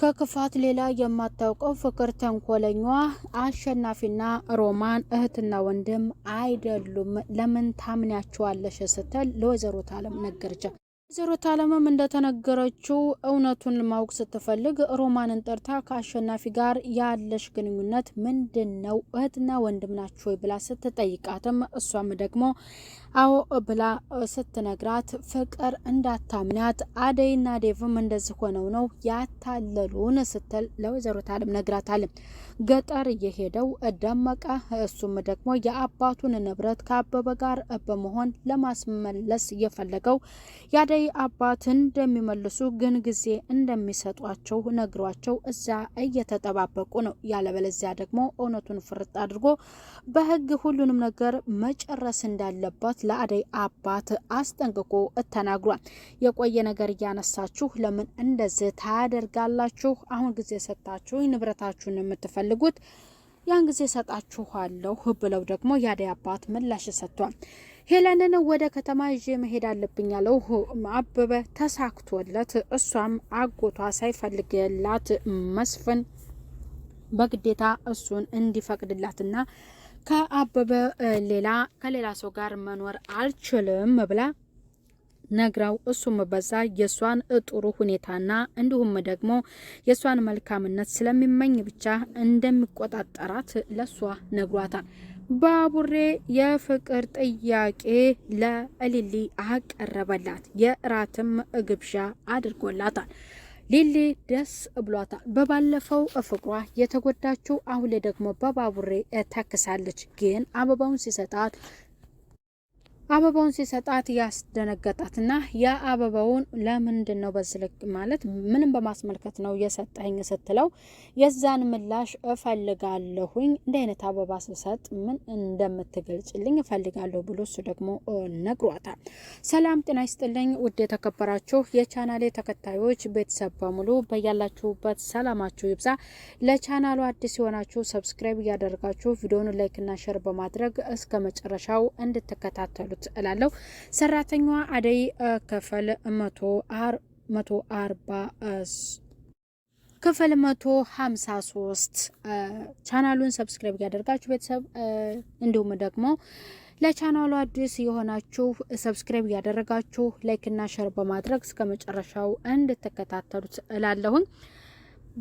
ከክፋት ሌላ የማታውቀው ፍቅር ተንኮለኛ አሸናፊና ሮማን እህትና ወንድም አይደሉም፣ ለምን ታምንያቸዋለሽ ስትል ለወይዘሮት አለም ነገረች። ወይዘሮት አለምም እንደተነገረችው እውነቱን ማወቅ ስትፈልግ ሮማንን ጠርታ ከአሸናፊ ጋር ያለሽ ግንኙነት ምንድን ነው? እህትና ወንድም ናቸው ብላ ስትጠይቃትም እሷም ደግሞ አዎ ብላ ስትነግራት ፍቅር እንዳታምናት አደይና ዴቭም እንደዚህ ሆነው ነው ያታለሉን ስትል ለወይዘሮ ታለም ነግራታለም። ገጠር የሄደው ደመቀ እሱም ደግሞ የአባቱን ንብረት ከአበበ ጋር በመሆን ለማስመለስ የፈለገው የአደይ አባት እንደሚመልሱ ግን ጊዜ እንደሚሰጧቸው ነግሯቸው እዛ እየተጠባበቁ ነው። ያለበለዚያ ደግሞ እውነቱን ፍርጥ አድርጎ በህግ ሁሉንም ነገር መጨረስ እንዳለባት ለአደይ አባት አስጠንቅቆ ተናግሯል። የቆየ ነገር እያነሳችሁ ለምን እንደዚህ ታደርጋላችሁ? አሁን ጊዜ ሰጥታችሁ ንብረታችሁን የምትፈልጉት ያን ጊዜ ሰጣችኋለሁ ብለው ደግሞ የአደይ አባት ምላሽ ሰጥቷል። ሄለንን ወደ ከተማ ይዤ መሄድ አለብኝ ያለው አበበ ተሳክቶለት እሷም አጎቷ ሳይፈልግላት መስፍን በግዴታ እሱን እንዲፈቅድላትና ከአበበ ሌላ ከሌላ ሰው ጋር መኖር አልችልም ብላ ነግራው እሱም በዛ የእሷን ጥሩ ሁኔታና እንዲሁም ደግሞ የእሷን መልካምነት ስለሚመኝ ብቻ እንደሚቆጣጠራት ለእሷ ነግሯታል። ባቡሬ የፍቅር ጥያቄ ለእሊሊ አቀረበላት። የእራትም ግብዣ አድርጎላታል። ሊሊ ደስ ብሏታል። በባለፈው ፍቅሯ የተጎዳችው አሁን ደግሞ በባቡሬ ተክሳለች። ግን አበባውን ሲሰጣት አበባውን ሲሰጣት ያስደነገጣትና ያ አበባውን ለምንድን ነው በዝልክ ማለት ምንም በማስመልከት ነው የሰጠኝ ስትለው የዛን ምላሽ እፈልጋለሁኝ እንዲህ አይነት አበባ ስሰጥ ምን እንደምትገልጭልኝ እፈልጋለሁ ብሎ እሱ ደግሞ ነግሯታል። ሰላም ጤና ይስጥልኝ ውድ የተከበራችሁ የቻናሌ ተከታዮች ቤተሰብ በሙሉ በያላችሁበት ሰላማችሁ ይብዛ። ለቻናሉ አዲስ የሆናችሁ ሰብስክራይብ እያደረጋችሁ ቪዲዮን ላይክና ሸር በማድረግ እስከ መጨረሻው እንድትከታተሉ አስገቡት እላለሁ። ሰራተኛዋ አደይ ክፍል መቶ አር መቶ አርባ ክፍል መቶ ሀምሳ ሶስት ቻናሉን ሰብስክራይብ ያደርጋችሁ ቤተሰብ እንዲሁም ደግሞ ለቻናሉ አዲስ የሆናችሁ ሰብስክራይብ ያደረጋችሁ ላይክና ሸር በማድረግ እስከ መጨረሻው እንድትከታተሉት እላለሁኝ።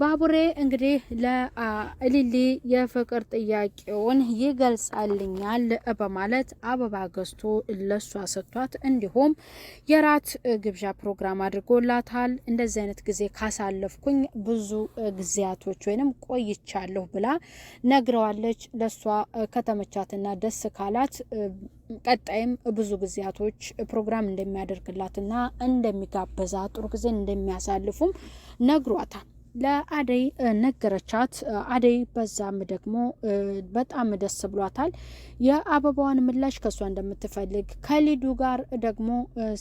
ባቡሬ እንግዲህ ለእሊሊ የፍቅር ጥያቄውን ይገልጻልኛል በማለት አበባ ገዝቶ ለሷ ሰጥቷት እንዲሁም የራት ግብዣ ፕሮግራም አድርጎላታል። እንደዚህ አይነት ጊዜ ካሳለፍኩኝ ብዙ ጊዜያቶች ወይንም ቆይቻለሁ ብላ ነግረዋለች። ለሷ ከተመቻትና ደስ ካላት ቀጣይም ብዙ ጊዜያቶች ፕሮግራም እንደሚያደርግላትና እንደሚጋበዛ ጥሩ ጊዜ እንደሚያሳልፉም ነግሯታል። ለአደይ ነገረቻት። አደይ በዛም ደግሞ በጣም ደስ ብሏታል። የአበባዋን ምላሽ ከእሷ እንደምትፈልግ ከሊዱ ጋር ደግሞ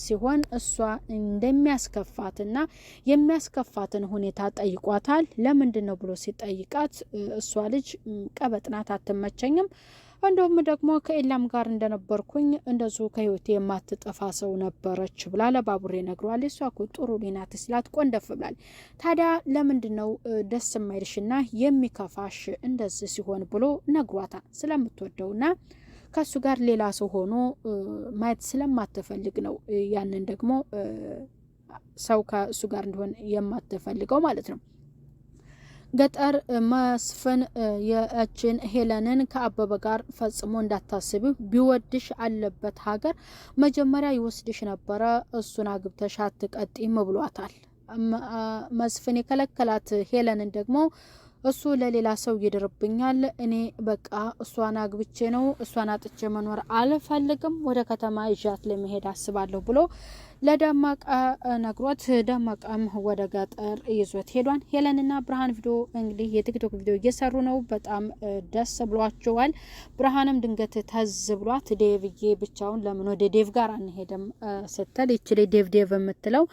ሲሆን እሷ እንደሚያስከፋትና የሚያስከፋትን ሁኔታ ጠይቋታል። ለምንድን ነው ብሎ ሲጠይቃት እሷ ልጅ ቀበጥናት፣ አትመቸኝም እንደውም ደግሞ ከኤላም ጋር እንደነበርኩኝ እንደዙ ከህይወቴ የማትጠፋ ሰው ነበረች ብላ ለባቡሬ ነግሯል። እሷ እኮ ጥሩ ናት ስላት ቆንደፍ ብላል። ታዲያ ለምንድን ነው ደስ የማይልሽና የሚከፋሽ እንደዚህ ሲሆን ብሎ ነግሯታ ስለምትወደውና ከሱ ጋር ሌላ ሰው ሆኖ ማየት ስለማትፈልግ ነው። ያንን ደግሞ ሰው ከእሱ ጋር እንዲሆን የማትፈልገው ማለት ነው። ገጠር መስፍን የእችን ሄለንን ከአበበ ጋር ፈጽሞ እንዳታስቢ ቢወድሽ አለበት ሀገር መጀመሪያ ይወስድሽ ነበረ፣ እሱን አግብተሽ አትቀጢም ብሏታል። መስፍን የከለከላት ሄለንን ደግሞ እሱ ለሌላ ሰው ይድርብኛል፣ እኔ በቃ እሷን አግብቼ ነው እሷን አጥቼ መኖር አልፈልግም፣ ወደ ከተማ እዣት ለመሄድ አስባለሁ ብሎ ለደማቀ ነግሮት ደማቀም ወደ ገጠር ይዞት ሄዷን። ሄለንና ብርሃን ቪዲዮ እንግዲህ የቲክቶክ ቪዲዮ እየሰሩ ነው። በጣም ደስ ብሏቸዋል። ብርሃንም ድንገት ተዝ ብሏት ዴቭዬ ብቻውን ለምን ወደ ዴቭ ጋር አንሄድም ስትል ይችል ዴቭ ዴቭ የምትለው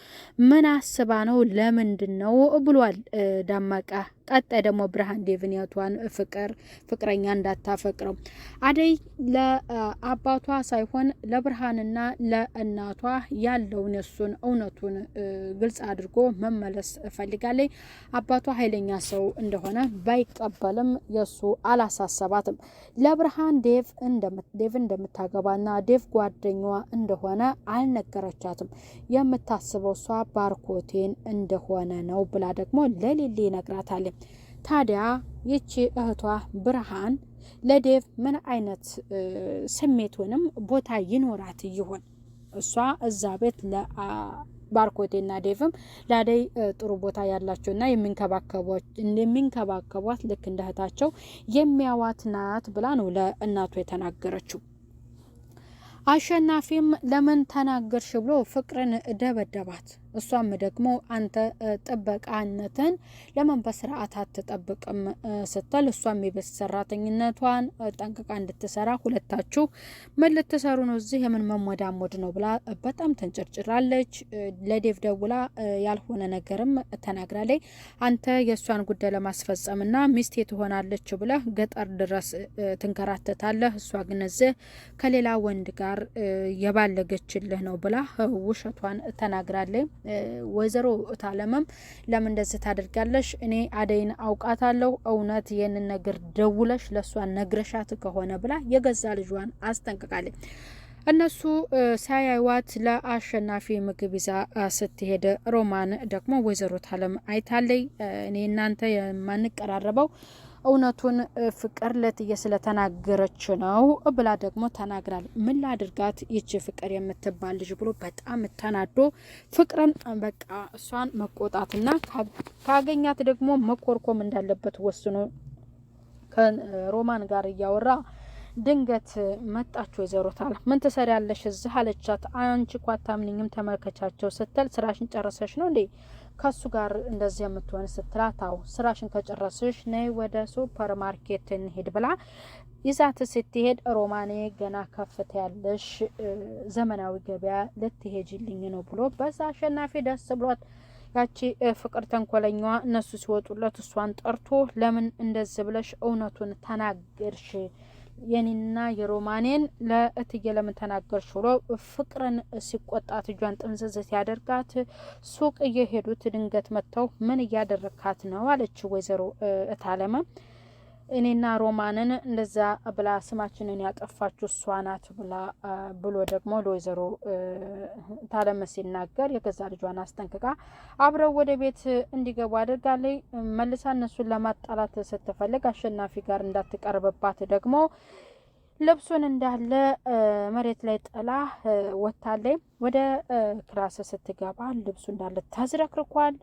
ምን አስባ ነው ለምንድን ነው ብሏል ዳማቃ ቀጣይ ደግሞ ብርሃን ዴቭን ፍቅር ፍቅረኛ እንዳታፈቅረው አደይ ለአባቷ ሳይሆን ለብርሃንና ለእናቷ ያለውን እሱን እውነቱን ግልጽ አድርጎ መመለስ እፈልጋለኝ። አባቷ ኃይለኛ ሰው እንደሆነ ባይቀበልም የእሱ አላሳሰባትም። ለብርሃን ዴቭ እንደምታገባና ዴቭ ጓደኛዋ እንደሆነ አልነገረቻትም። የምታስበው እሷ ባርኮቴን እንደሆነ ነው ብላ ደግሞ ለሌሌ ይነግራታል። ታዲያ ይቺ እህቷ ብርሃን ለዴቭ ምን አይነት ስሜት ወይም ቦታ ይኖራት ይሆን? እሷ እዛ ቤት ባርኮቴና ዴቭም ለአደይ ጥሩ ቦታ ያላቸውና የሚንከባከቧት ልክ እንደ እህታቸው የሚያዋት ናት ብላ ነው ለእናቱ የተናገረችው። አሸናፊም ለምን ተናገርሽ ብሎ ፍቅርን ደበደባት። እሷም ደግሞ አንተ ጥበቃነትን ለምን በስርዓት አትጠብቅም ስትል እሷም የቤት ሰራተኝነቷን ጠንቅቃ እንድትሰራ ሁለታችሁ ምን ልትሰሩ ነው እዚህ የምን መሞዳሞድ ነው ብላ በጣም ተንጨርጭራለች። ለዴቭ ደውላ ያልሆነ ነገርም ተናግራለች። አንተ የእሷን ጉዳይ ለማስፈጸምና ሚስቴ ትሆናለች ብለህ ገጠር ድረስ ትንከራተታለህ፣ እሷ ግን እዚህ ከሌላ ወንድ ጋር የባለገችልህ ነው ብላ ውሸቷን ተናግራለች። ወይዘሮ እታለምም ለምን እንደዚህ ታደርጋለሽ? እኔ አደይን አውቃታለሁ። እውነት ይህንን ነገር ደውለሽ ለእሷ ነግረሻት ከሆነ ብላ የገዛ ልጇን አስጠንቅቃለች። እነሱ ሳያይዋት ለአሸናፊ ምግብ ይዛ ስትሄድ ሮማን ደግሞ ወይዘሮ ታለም አይታለይ እኔ እናንተ የማንቀራረበው እውነቱን ፍቅር ለትዬ ስለተናገረች ነው ብላ ደግሞ ተናግራል። ምን ላድርጋት ይቺ ፍቅር የምትባል ልጅ ብሎ በጣም ተናዶ ፍቅርን በቃ እሷን መቆጣትና ካገኛት ደግሞ መኮርኮም እንዳለበት ወስኖ ከሮማን ጋር እያወራ ድንገት መጣች ወይዘሮ ታላ። ምን ትሰሪያለሽ እዚህ አለቻት። አንቺ እኮ አታምንኝም ተመልከቻቸው ስትል ስራሽን ጨረሰሽ ነው እንዴ ከሱ ጋር እንደዚህ የምትሆን ስትላታው ስራሽን ከጨረስሽ ነይ ወደ ሱፐር ማርኬት እንሄድ ብላ ይዛት ስትሄድ ሮማኔ ገና ከፍት ያለሽ ዘመናዊ ገበያ ልትሄጅልኝ ነው ብሎ በዛ አሸናፊ ደስ ብሏት ያቺ ፍቅር ተንኮለኛዋ እነሱ ሲወጡለት እሷን ጠርቶ ለምን እንደዚህ ብለሽ እውነቱን ተናገርሽ የኔና የሮማኔን ለእትዬ ለምን ተናገርሽ ብሎ ፍቅርን ሲቆጣት እጇን ጥምዝዝ ሲያደርጋት ሱቅ እየሄዱት ድንገት መጥተው ምን እያደረካት ነው አለች ወይዘሮ እታለመ እኔና ሮማንን እንደዛ ብላ ስማችንን ያጠፋችሁ እሷ ናት ብላ ብሎ ደግሞ ለወይዘሮ ታለመ ሲናገር የገዛ ልጇን አስጠንቅቃ አብረው ወደ ቤት እንዲገቡ አድርጋለች። መልሳ እነሱን ለማጣላት ስትፈልግ አሸናፊ ጋር እንዳትቀርብባት ደግሞ ልብሱን እንዳለ መሬት ላይ ጥላ ወታለይ ወደ ክላስ ስትገባ ልብሱ እንዳለ ተዝረክርኳል።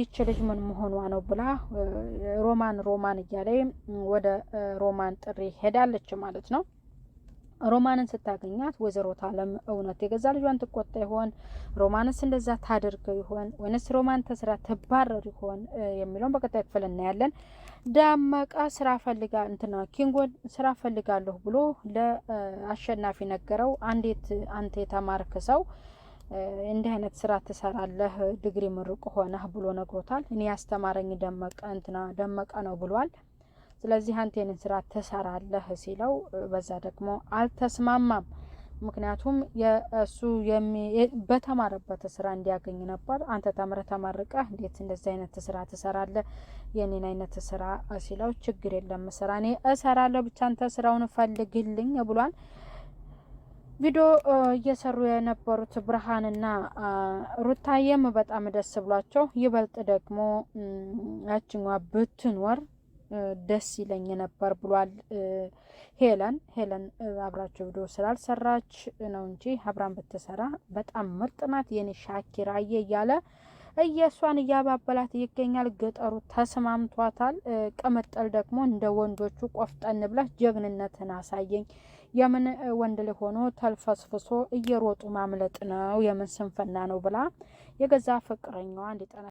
ይች ልጅ ምን መሆኗ ነው ብላ ሮማን ሮማን እያለ ወደ ሮማን ጥሪ ሄዳለች ማለት ነው። ሮማንን ስታገኛት ወይዘሮ ታለም እውነት የገዛ ልጇን ትቆጣ ይሆን? ሮማንስ እንደዛ ታደርገው ይሆን ወይንስ ሮማን ተስራ ትባረር ይሆን የሚለውን በቀጣይ ክፍል እናያለን። ዳመቀ ስራ ፈልጋ እንትና ኪንጎን ስራ ፈልጋለሁ ብሎ ለአሸናፊ ነገረው። አንዴት አንተ የተማርክ ሰው እንዲህ አይነት ስራ ትሰራለህ ድግሪ ምርቅ ሆነህ ብሎ ነግሮታል። እኔ ያስተማረኝ ደመቀ እንትና ደመቀ ነው ብሏል። ስለዚህ አንተ ይህንን ስራ ትሰራለህ ሲለው በዛ ደግሞ አልተስማማም። ምክንያቱም የእሱ በተማረበት ስራ እንዲያገኝ ነበር። አንተ ተምረህ ተመርቀህ እንዴት እንደዚህ አይነት ስራ ትሰራለህ? የኔን አይነት ስራ ሲለው ችግር የለም ስራ እኔ እሰራለሁ፣ ብቻ አንተ ስራውን ፈልግልኝ ብሏል። ቪዲዮ እየሰሩ የነበሩት ብርሃንና ሩታየም በጣም ደስ ብሏቸው፣ ይበልጥ ደግሞ ያችኛ ብትኖር ደስ ይለኝ ነበር ብሏል። ሄለን ሄለን አብራቸው ቪዲዮ ስላልሰራች ነው እንጂ አብራን ብትሰራ በጣም ምርጥ ናት የኔ ሻኪራዬ እያለ እየሷን እያባበላት ይገኛል። ገጠሩ ተስማምቷታል። ቅምጥል ደግሞ እንደ ወንዶቹ ቆፍጠን ብለህ ጀግንነትን አሳየኝ የምን ወንድ ላይ ሆኖ ተልፈስፍሶ እየሮጡ ማምለጥ ነው የምን ስንፍና ነው ብላ የገዛ ፍቅረኛዋ እንዲጠና